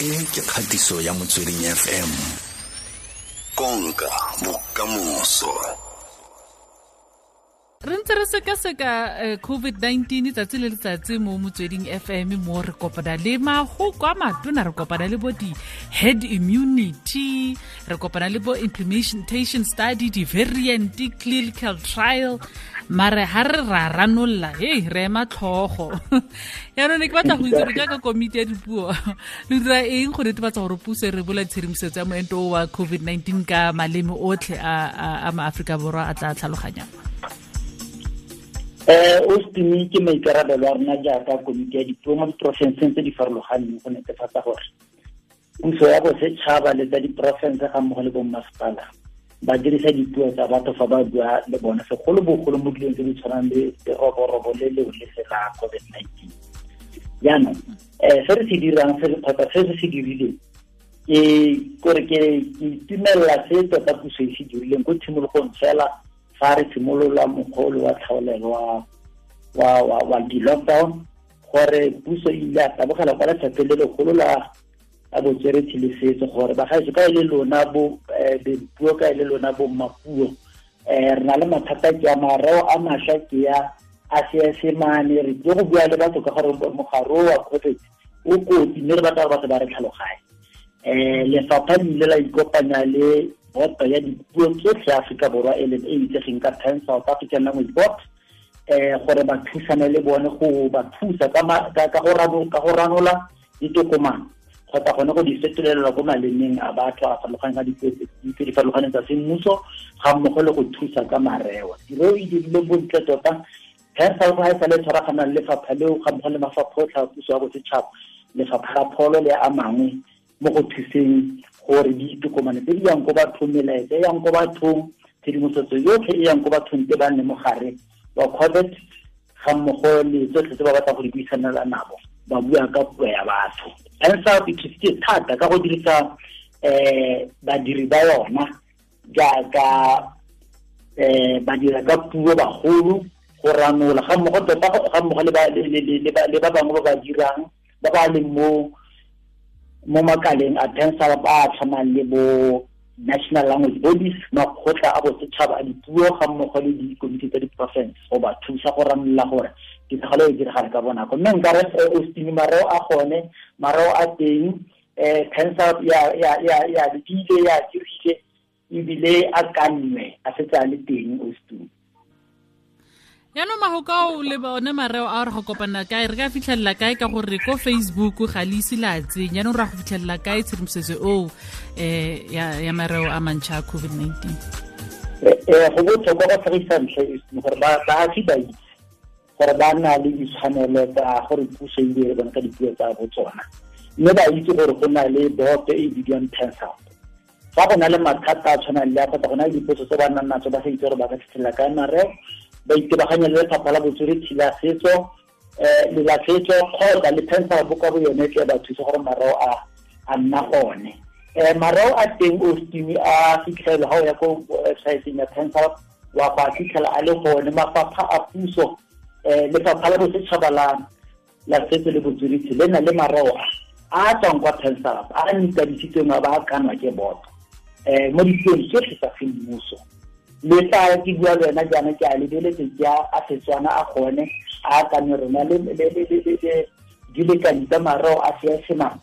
e ke kgatiso ya motsweding fm konka bokamoso re ntse re sekaseka eh, covid-19 tsatsi le letsatsi mo motsweding fm mo re kopana le magoko a matona re kopana le bo di-head immunity re kopana le bo implementation study di-variant clinical trial mare ga re ra ranolola hei re ema tlhogo yaanong ke batla go itse gore jaaka komiti ya dipuo le dira eng go netebatsa gore puso e re bola tshedimosetso ya moento wa covid-19 ka maleme otlhe a maaforika borwa a tla tlhaloganyang eh o stimi ke maikarabelo a rona jaaka komiti ya dipuo mo diporofenseng tse di farologaneng go netefatsa gore puso ya bosetšhaba le tsa diporofense ga mmogo le bommasepala ba dirisa dipuo tsa batho fa ba bua le bona segolobogolo mo dilong tse di tshwanang le leroborobo le leo le sela covid-19 jaanong um se re se dirang kgotsa se re se dirileng ke kore ke itumelela se tota puso e se dirileng ko tshimologong fela fa re simolola mogolo wa tlhaolelo wa wa wa di-lockdown gore puso e ile a tabogela kwa letlhapheng le legolo la la botsweretshi le setso gore bagaetso ka e le lona bo eh, puo ka e le lona bo mmapuo um re na le mathata ke a mareo a mašwa ke ya a seesemane re tlile go bua le batho ka gore mogaro wa covid o kotsi mme re batla gore batho ba re tlhaloganye um lefapha le ile la ikopanya le boto ya dipuo tsotlhe aforika Borwa e e itsegeng ka Pan South African Language bot um eh, gore ba thusane le bone go ba thusa ka go ranola ditokomane kgotsa gone go di fetolelela ko malemeng a batho a farologaneng ka dipuo di farologaneng tsa semmuso ga mmogo le go thusa ka mareo tiro e dirile bontle tota Pan South ga e sa le tshwaraganang lefapha leo ga mmogo le mafapha otlhe a puso ya bosetšhaba lefapha la pholo le a mangwe mo go thuseng gore di itokomane tse di yang ko bathong melaetsa e yang ko bathong tshedimosetso yotlhe e yang ko bathong te ba nne mo gare wa covid ga mmogo le tsotlhe tse ba batla go di buisanela nabo ba bua ka puo ya batho ansouth e thusitse thata ka go dirisa um badiri ba yona jaaka um eh, badira ka puo bagolo go ranola ga mmogo tota ga mmogo le ba bangwe ba ba dirang ba ba leng mo mo makaleng a tensa ba a tshwanang le bo national language bodies makgotla a bosetšhaba a dipuo ga mmogo le dikomiti tsa diporofense go ba thusa go ramolola gore ditlhagalo e diragale ka bonako mme nka re o stime mareo a gone mareo a teng um eh, tensa ya lekile ya dirile ebile a ka nne a setse a le teng o stime yaanong magokao le bone mareo a re go kopana kae re ka fitlhelela kae ka gore ko facebook ga le ise la tseng yaanong re a go fitlhelela kae tshedimosetso oo um eh, ya mareo a mantšha a covid-19 eh, eh, go botlhokwa e ba tlhagisa ntlha gore baagi ba itse gore ba nna le ditshwanelo tsa gore puso e dire bone ka dipuo tsa bo tsona mme ba itse gore go na le boto e bidiwang tensup fa go na le mathata a tshwanang le a kgotsa go na le dipotso tse ba nnang natso ba sa itse gore ba ka fitlhelela kae mareo ba itebaganya le lefapha la botsweretshi la setso um le la setso kgotsa le pensa bo ka bo yone ke ba thusa gore marao a a nna gone um eh, marao a teng o steamy a fitlhele ga o ya ko websiteng ya pensa wa ba a fitlhela a le gone mafapha a puso um lefapha la bosetšhaba la setso le botsweretshi le na le marao a a tswang kwa pensa a a a ba akanwa ke boto um mo diteng tsotlhe tsa semmuso le fa ke bua le wena jaana ke a lebeletse ke a setswana a gone a akane rona di lekane tsa marao a seasemang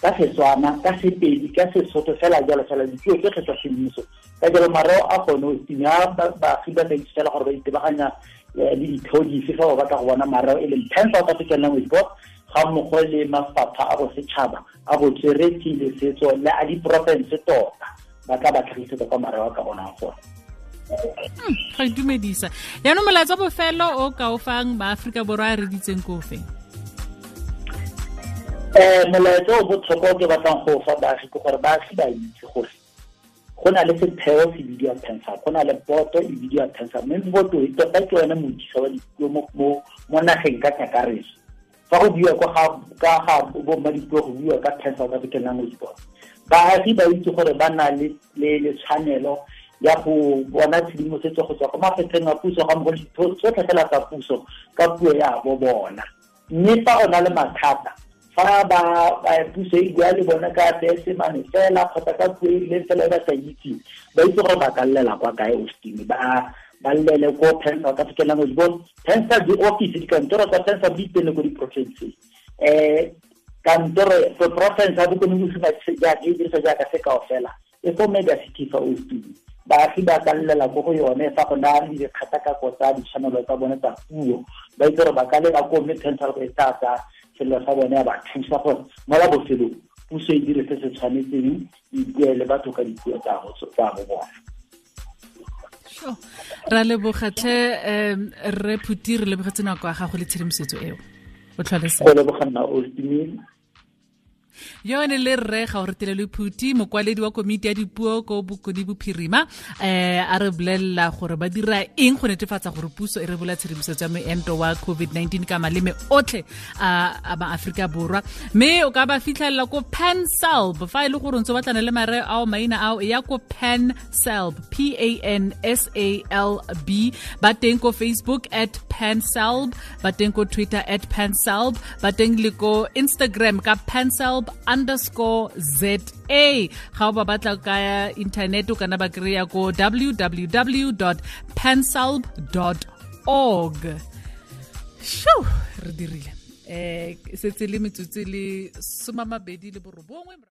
ka setswana ka sepedi ka sesotho fela jalo fela ditio ke kgetsa semmuso ka jalo marao a gone nya baagi ba sa itse fela gore ba itebaganya eh, le ditheodife fa o batla go bona marao e leng ten south african language board ga mmogo le mafapha a go setšhaba a botsweretsi le setso le a diporofense tota ba tla ba tlhagisetsa kwa marao a ka bonang gore ga itumedisa dumedisa yaanong molatsa bofelo o ka o fang baaforika borwa a reditseng ko ofeng um eh, molaetsa o botlhokwa o ke batlang go fa baagi ke gore baagi ba itse gore go na le setheo se bidiwang pensa go na le boto e bidiwang pensa mme boto e tota ke yone modisa wa ditulo mo nageng ka kakaretso fa go buiwa ka ga bomma bommadipuo go buiwa ka pensa south african language board baagi ba itse gore ba na le tshwanelo ya go bona tshedimosetso go tswa go mafapheng a puso ga mmogo tsotlhe fela tsa puso ka puo ya bo bona mme fa o na le mathata fa ba puso e bua le bona ka seesemane fela kgotsa ka puo e leng fela e ba sa itseng ba itse gore ba ka llela kwa kae ostin ba llele ko pensa ka fike language pensa di-office dikantoro tsa pensa di ipele ko di-profinceng um eh, kantoro province ya bokonomi e jaaka e dirisa jaaka sekao fela e fomega city fa ostin baagi ba ka llela ko go yone fa go na le dikgatakako tsa ditshwanelo tsa bone tsa puo ba itse gore ba ka lela ko mme tentalgo e tla tsa selelo sa bone ya ba thusa gore mola bofelong puso e dire se se tshwanetseng e buele batho ka dipuo tsa bo bona ra lebogatlhe um re phuti re lebogetse nako ya gago le tshedimosetso eo o tlholesa go lebogana o yone le rrega gore telelo phuti mokwaledi wa komiti ya dipuo ko bokodi bophirima um a re bolelela gore ba dira eng go netefatsa gore puso e re bola tshedimosetso ya moento wa covid-19 ka maleme otlhe a maaforika borwa mme o ka ba fitlhelela ko pan selb fa e le gore ntse o batlana le mare ao maina ao e ya ko pan selb p a n s a l b ba teng ko facebook at pan selb ba teng ko twitter at pan selb ba teng le ko instagram ka pan selb help underscore za ga o ba batla ka inthanete o kana ba kry-a ko www pansalb org sho re dirile um setse le metsotso e le somamabedi le borobongwe